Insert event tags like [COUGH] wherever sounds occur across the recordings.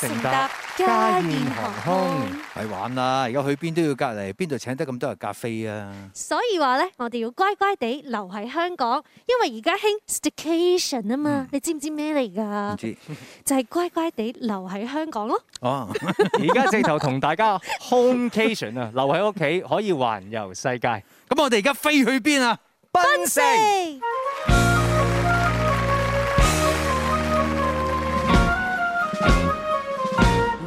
乘搭家燕航空，咪玩啦！而家去邊都要隔離，邊度請得咁多人咖啡啊？所以話咧，我哋要乖乖地留喺香港，因為而家興 Staycation 啊嘛、嗯。你知唔知咩嚟噶？就係、是、乖乖地留喺香港咯。哦、啊，而家直頭同大家 homecation 啊， [LAUGHS] 留喺屋企可以環遊世界。咁我哋而家飛去邊啊？奔四。奔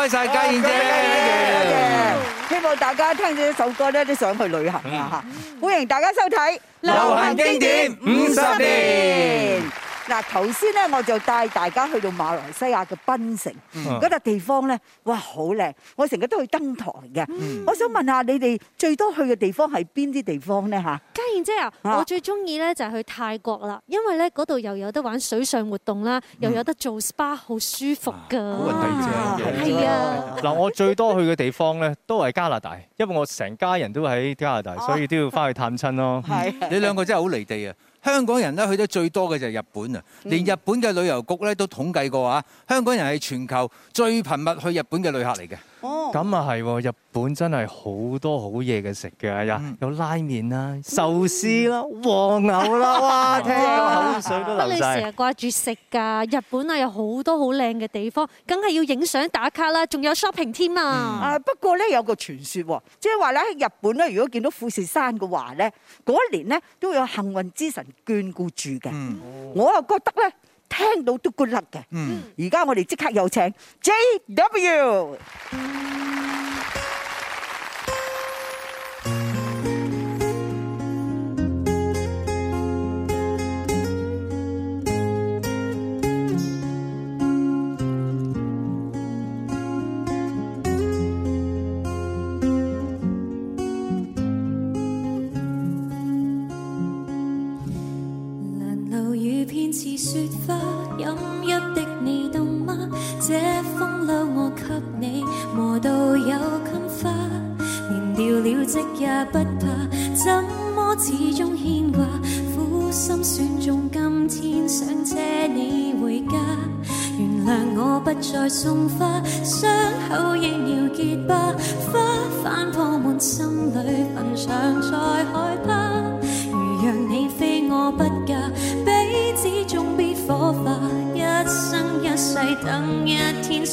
多謝曬家燕姐、yeah. yeah. yeah. 希望大家聽咗呢首歌咧都想去旅行啦、yeah. 嗯、歡迎大家收睇流行經典50年。嗱，頭先咧我就帶大家去到馬來西亞嘅檳城嗰笪、嗯那個、地方咧，哇，好靚！我成日都去登台嘅、嗯。我想問下你哋最多去嘅地方係邊啲地方咧？嚇？家燕姐啊，我最中意咧就係去泰國啦，因為咧嗰度又有得玩水上活動啦，又有得做 SPA，好舒服㗎。古人第二係啊。嗱，啊、 [LAUGHS] 我最多去嘅地方咧都係加拿大，因為我成家人都喺加拿大，所以都要翻去探親咯。 [LAUGHS] 你兩個真係好離地啊！香港人去得最多嘅就係日本。連日本嘅旅遊局都統計過，啊，香港人係全球最頻密去日本嘅旅客嚟嘅。咁啊係，日本真係好多好嘢嘅食嘅，有有拉麵啦、壽司啦、和、嗯、牛啦，哇！睇到口水都流曬。你成日掛住食㗎，日本啊有好多好靚嘅地方，梗係要影相打卡啦，仲有 shopping 添、嗯、啊。啊不過呢，有個傳説，即係話呢，喺日本呢，如果見到富士山嘅話呢，嗰一年呢，都會有幸運之神眷顧住嘅、嗯。我又覺得呢。聽到都骨立嘅，而家我哋即刻有請 JW、mm。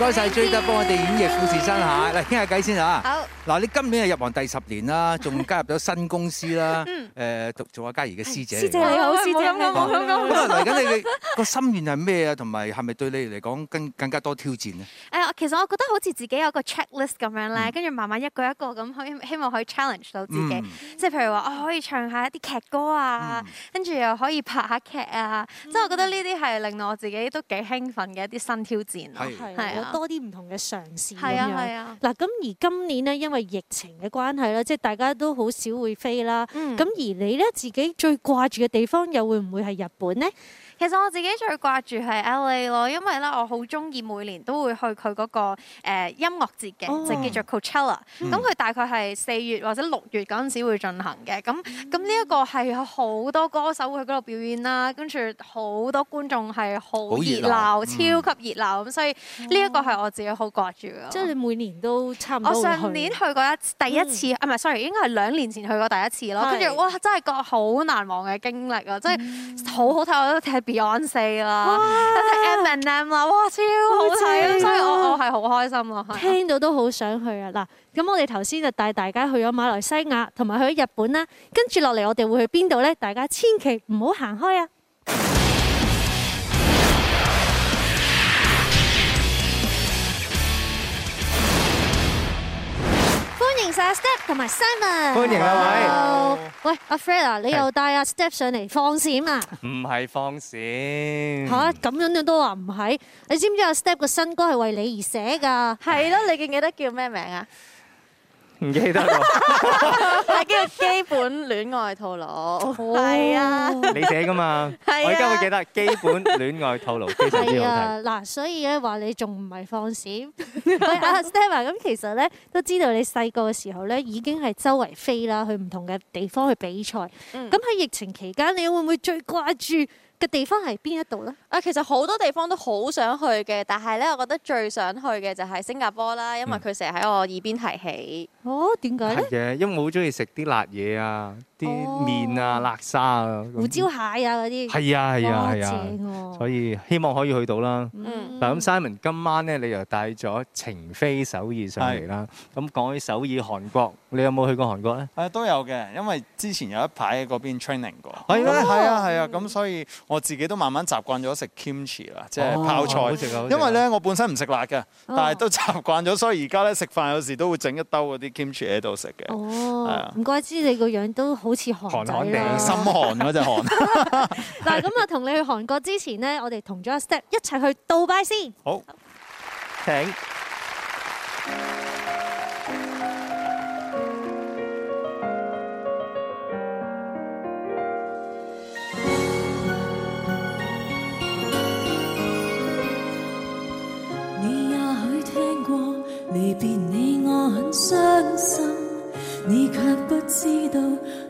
多謝 JW 幫我哋演繹富士山下，嚟傾下偈先吓。嗱，你今年係入行第十年啦，仲加入咗新公司啦。誒，誒，做阿嘉儀嘅師姐。師姐你好師姐㗎，冇咁講。咁嚟緊你個心願係咩啊？同埋係咪對你嚟講更更加多挑戰咧？誒，其實我覺得好似自己有個 checklist 咁樣咧，跟、嗯、住慢慢一個一個咁，希希望可以 challenge 到自己。即係譬如話，我可以唱下一啲劇歌啊，跟、嗯、住又可以拍下劇啊。即、嗯、係我覺得呢啲係令到我自己都幾興奮嘅一啲新挑戰，係係。多啲唔同嘅嘗試。係啊係啊。嗱，咁而今年咧，因為，疫情嘅關係啦，即係大家都好少會飛啦。咁、嗯、而你呢，自己最掛住嘅地方又會唔會係日本呢？其實我自己最掛住係 LA 咯，因為咧我好中意每年都會去佢嗰個音樂節嘅、哦，就叫做 Coachella、嗯。咁佢大概係四月或者六月嗰陣時候會進行嘅。咁咁呢一個係好多歌手會去嗰度表演啦，跟住好多觀眾係好熱,熱鬧，超級熱鬧咁、嗯。所以呢一個係我自己好掛住嘅。即係你每年都差唔多去。我上年去過一第一次唔係、嗯、，sorry，應該係兩年前去過第一次咯。跟住哇，真係覺好難忘嘅經歷啊！即係好好睇、嗯，我覺得睇。Beyond 四啦，一齊 M and M 啦，哇,、M&M、哇超好睇咯，所以我我係好開心咯，聽到都好想去啊！嗱，咁我哋頭先就帶大家去咗馬來西亞，同埋去咗日本啦，跟住落嚟我哋會去邊度咧？大家千祈唔好行開啊！Step 同埋 Simon，歡迎兩位。Hello，喂，阿 Freya，你又帶阿 Step 上嚟放閃啊？唔係放閃。吓，咁樣樣都話唔係？你知唔知阿 Step 個新歌係為你而寫噶？係咯，你記唔記得叫咩名啊？唔記得喎，係叫基本戀愛套路，係、 [LAUGHS] 哦、啊，你寫噶嘛？係 [LAUGHS] 啊，我而家會記得基本戀愛套路，非常之好睇嗱、 [LAUGHS] 啊，所以咧話你仲唔係放閃？阿 Stella，咁其實咧都知道你細個嘅時候咧已經係周圍飛啦，去唔同嘅地方去比賽。咁、嗯、喺疫情期間，你會唔會最掛住嘅地方係邊一度呢？啊，其實好多地方都好想去嘅，但係咧，我覺得最想去嘅就係新加坡啦，因為佢成日喺我耳邊提起。嗯、哦，點解？係嘅，因為我好中意食啲辣嘢啊。啲麵啊、哦、辣沙啊、胡椒蟹啊嗰啲，係啊係啊係啊，啊，啊，所以希望可以去到啦。嗱、嗯、咁 Simon 今晚咧，你又帶咗情非首爾上嚟啦。咁講起首爾韓國，你有冇去過韓國咧？誒、啊，都有嘅，因為之前有一排喺嗰邊 training 過，係咯，係啊係啊，咁、哦啊啊啊啊啊啊、所以我自己都慢慢習慣咗食 kimchi 啦，即、哦、係、就是、泡菜。哦啊啊、因為咧我本身唔食辣嘅、哦，但係都習慣咗，所以而家咧食飯有時都會整一兜嗰啲 kimchi 喺度食嘅。哦，係啊，唔怪知你個樣都好。好似韓仔咯，心寒嗰隻韓。嗱， [LAUGHS] [LAUGHS] 咁啊，同你去韓國之前呢，我哋同咗 Step 一齊去杜拜先。好，請。你也許聽過離別你，我很傷心，你卻不知道。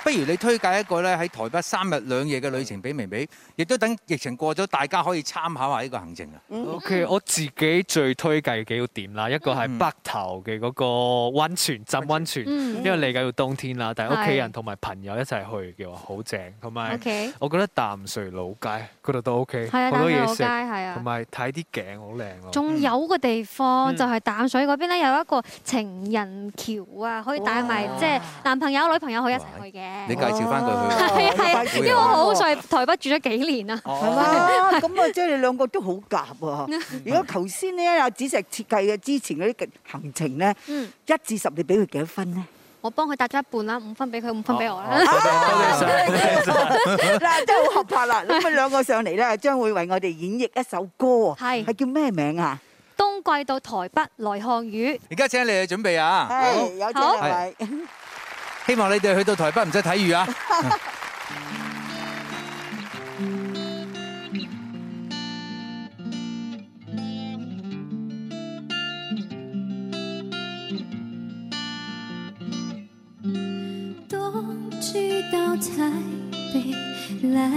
不如你推介一個咧，喺台北三日兩夜嘅旅程俾微微，亦都等疫情過咗，大家可以參考下呢個行程啊。o、okay, k 我自己最推介嘅幾個點啦，一個係北投嘅嗰個温泉，浸温泉，因為嚟緊要冬天啦，但係屋企人同埋朋友一齊去嘅話好正，同埋我覺得淡水老街嗰度都 OK，好多嘢食，同埋睇啲景好靚，仲有，有一個地方、嗯、就係、是、淡水嗰邊咧，有一個情人橋啊，可以帶埋即係男朋友女朋友可以一齊去嘅。你介紹翻佢，係係，因為我好在台北住咗幾年啊。係啦，咁啊，即係你兩個都好夾啊。如果頭先呢，阿紫石設計嘅之前嗰啲行程咧，一至十你俾佢幾多分呢？我幫佢搭咗一半啦，五分俾佢，五分俾我啦，啊。嗱，啊，真係好合拍啦。咁啊，兩個上嚟咧，將會為我哋演繹一首歌，係係叫咩名啊？冬季到台北來看雨。而家請你去準備啊。好，有請。希望你哋去到台北唔使睇雨啊！冬季到台北來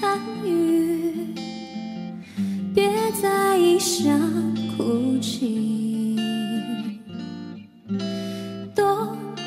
看雨，別在異鄉哭泣。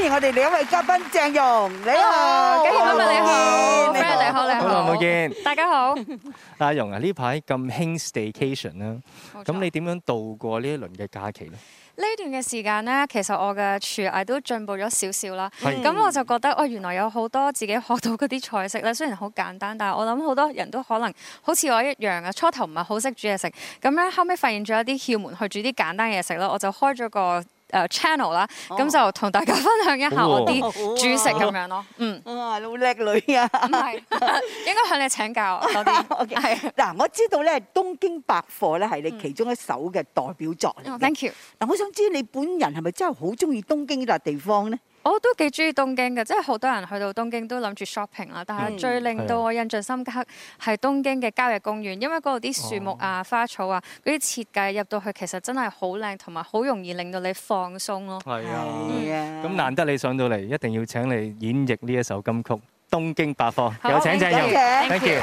歡迎我哋兩位嘉賓鄭融、哦，你好，你好，你好，你好，你好，好耐冇見，大家好。阿融啊，呢排咁興 staycation 啦，咁 [LAUGHS] 你點樣度過呢一輪嘅假期呢？呢段嘅時間呢，嗯嗯、其實我嘅廚藝都進步咗少少啦。咁、嗯、我就覺得，哇、哎，原來有好多自己學到嗰啲菜式咧。雖然好簡單，但係我諗好多人都可能好似我一樣啊。初頭唔係好識煮嘢食，咁咧後尾發現咗一啲竅門去煮啲簡單嘅嘢食咯。我就開咗個。誒 channel 啦，咁、哦、就同大家分享一下我啲煮食咁樣咯，嗯。哇，你好叻女啊！唔係，應該向你請教多啲。O.K. 嗱，我知道咧，東京百貨咧係你其中一首嘅代表作嚟嘅。Thank you。嗱、嗯，我想知你本人係咪真係好中意東京呢笪地方咧？我都幾中意東京嘅，即係好多人去到東京都諗住 shopping 啦。但係最令到我印象深刻係東京嘅郊野公園，因為嗰度啲樹木啊、哦、花草啊嗰啲設計入到去，其實真係好靚，同埋好容易令到你放鬆咯。係啊，咁、嗯、難得你上到嚟，一定要請你演繹呢一首金曲《東京百貨》。有請鄭融，thank you。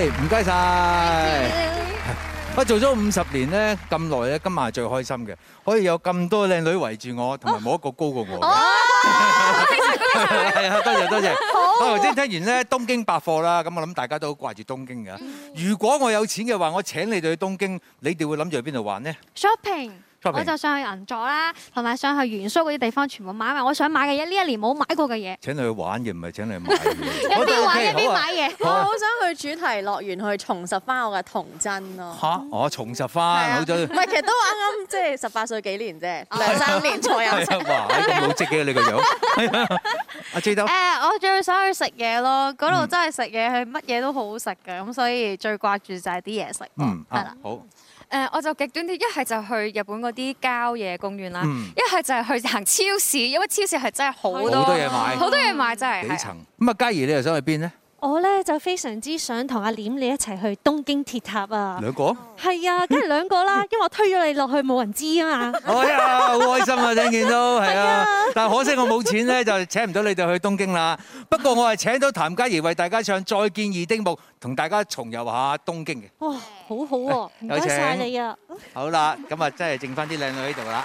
唔該晒，我做咗五十年咧，咁耐咧，今日係最開心嘅，可以有咁多靚女圍住我，同埋冇一個高過我嘅。係啊，多謝多謝。頭先聽完咧東京百貨啦，咁我諗大家都好掛住東京噶。如果我有錢嘅話，我請你哋去東京，你哋會諗住去邊度玩呢？Shopping。我就想去銀座啦，同埋想去原宿嗰啲地方，全部買埋我想買嘅嘢。呢一年冇買過嘅嘢。請你去玩嘅，唔係請你去買嘅。 [LAUGHS] 一邊玩 okay，一邊買嘢，啊啊，我好想去主題樂園去重拾翻我嘅童真咯。嚇 [LAUGHS] 啊！我重拾翻唔係，其實都啱啱即係十八歲幾年啫， [LAUGHS] 兩三年左右。哇！咁好值嘅你個樣。阿 J 豆。誒，我最想去食嘢咯，嗰 [LAUGHS] 度真係食嘢係乜嘢都好好食㗎，咁所以最掛住就係啲嘢食。嗯、啊，係啦，好。誒，我就極端啲，一係就去日本嗰啲郊野公園啦，一係就係去行超市，因為超市係真係好多好多嘢買，好多嘢買真係。幾層？咁啊，嘉儀，你又想去邊咧？我咧就非常之想同阿廉你一齊去東京鐵塔啊！兩個？係啊，梗係兩個啦，因為我推咗你落去冇人知啊嘛。 [LAUGHS] 哎呀，好開心啊，聽見都係啊，啊但係可惜我冇錢咧，就請唔到你哋去東京啦。不過我係請到譚嘉儀為大家唱《再見二丁目》，同大家重遊下東京嘅。哇，好好喎、啊！唔該曬你啊好了了。好啦，咁啊，真係剩翻啲靚女喺度啦。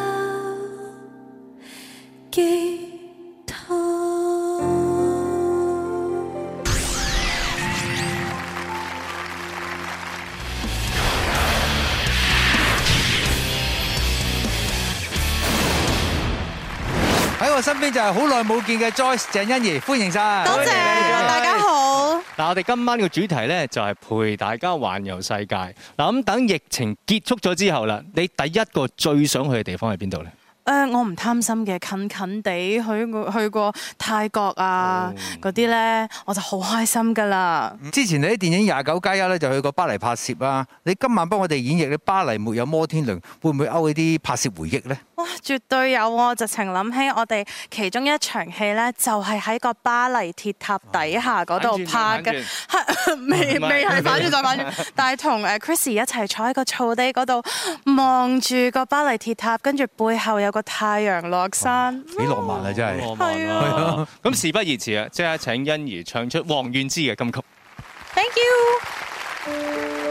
身邊就係好耐冇見嘅 Joyce 鄭欣宜，歡迎晒！多謝你，大家好。嗱，我哋今晚呢個主題咧就係陪大家環遊世界。嗱，咁等疫情結束咗之後啦，你第一個最想去嘅地方係邊度咧？我唔貪心嘅，近近地去過去過泰國啊，啲、oh. 咧，我就好開心㗎啦。之前你啲電影廿九加一咧就去過巴黎拍攝啊，你今晚幫我哋演繹你巴黎沒有摩天輪，會唔會勾起啲拍攝回憶咧？哇，絕對有啊！我就情諗起我哋其中一場戲咧，就係、是、喺個巴黎鐵塔底下度拍嘅，未未係反轉再反轉，但係同誒 Chrissie 一齊坐喺個草地度望住個巴黎鐵塔，跟住背後有個。太陽落山，幾浪漫，的的浪漫啊！真係，係啊，咁事不宜遲啊，即刻請欣宜唱出王菀之嘅金曲。Thank you。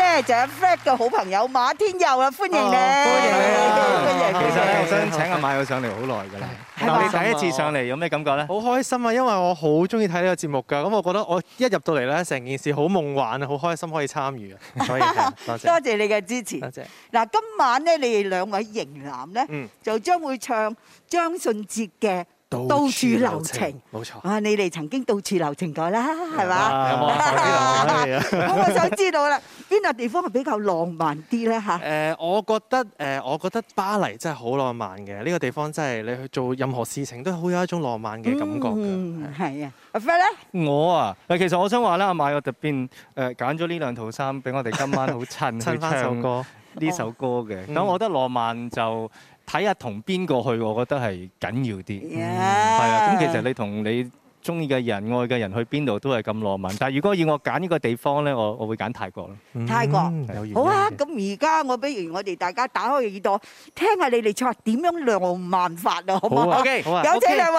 咧就 Fred 嘅好朋友馬天佑啊、哦，歡迎你！歡迎你！歡迎你！其實我想請阿馬友上嚟好耐嘅啦。你第一次上嚟有咩感覺咧？好開心啊，因為我好中意睇呢個節目㗎。咁我覺得我一入到嚟咧，成件事好夢幻啊，好開心可以參與啊。所以 [LAUGHS] 多謝多謝你嘅支持。嗱，今晚咧，你哋兩位型男咧、嗯，就將會唱張信哲嘅到處留情，冇錯啊！你哋曾經到處留情過啦，係、yeah, 嘛？咁、啊、 [LAUGHS] 我想知道啦，邊 [LAUGHS] 個地方係比較浪漫啲咧？嚇、呃、誒，我覺得誒、呃，我覺得巴黎真係好浪漫嘅。呢、這個地方真係你去做任何事情都好有一種浪漫嘅感覺嘅。啊、嗯，阿 Fair 咧，我啊誒，其實我想話咧，阿 May 我特別誒揀咗呢兩套衫俾我哋今晚好襯，襯 [LAUGHS] 翻首歌呢、嗯、首歌嘅。咁、嗯、我覺得浪漫就～睇下同邊個去，我覺得係緊要啲。係、yeah. 啊，咁其實你同你中意嘅人、愛嘅人去邊度都係咁浪漫。但係如果要我揀呢個地方咧，我我會揀泰國咯。泰國、嗯、好啊！咁而家我不如我哋大家打開耳朵聽下你哋唱點樣浪漫法好唔好啊？好啊，OK，好啊，有請兩位。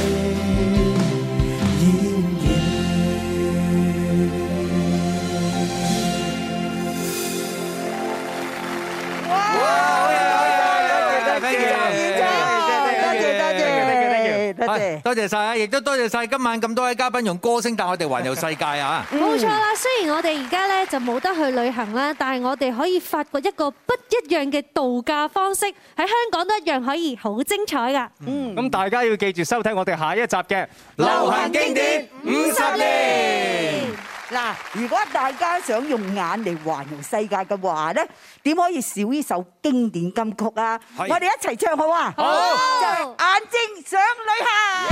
多謝多謝晒啊！亦都多謝晒今晚咁多位嘉賓用歌聲帶我哋環遊世界啊！冇錯啦，雖然我哋而家咧就冇得去旅行啦，但係我哋可以發掘一個不一樣嘅度假方式，喺香港都一樣可以好精彩噶。嗯，咁大家要記住收睇我哋下一集嘅流行經典五十年。嗱，如果大家想用眼嚟環遊世界嘅話咧，點可以少呢首經典金曲啊？我哋一齊唱好啊！好，眼睛想旅行。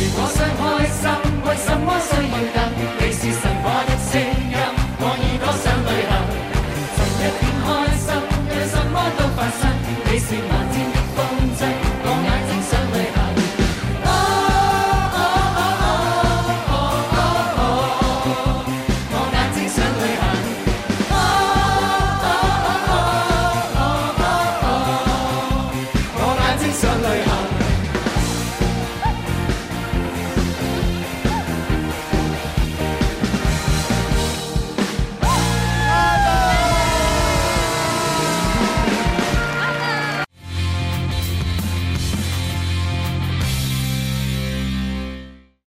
如果想開心，為什麼需要等？